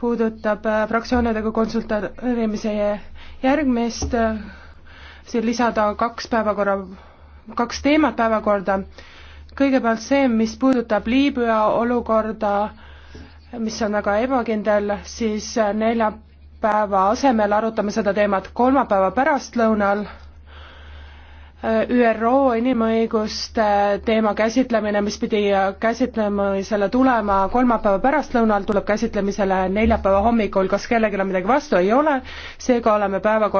puudutab äh, fraktsioonidega konsulteerimise järgmist, äh, siin lisada kaks päevakorra, kaks teemat päevakorda. kõigepealt see, mis puudutab Liibüa olukorda, mis on väga ebakindel, siis neljapäeva asemel arutame seda teemat kolmapäeva pärastlõunal ÜRO inimõiguste teema käsitlemine, mis pidi käsitlemisele tulema kolmapäeva pärastlõunal, tuleb käsitlemisele neljapäeva hommikul, kas kellelgi on midagi vastu, ei ole, seega oleme päevakorra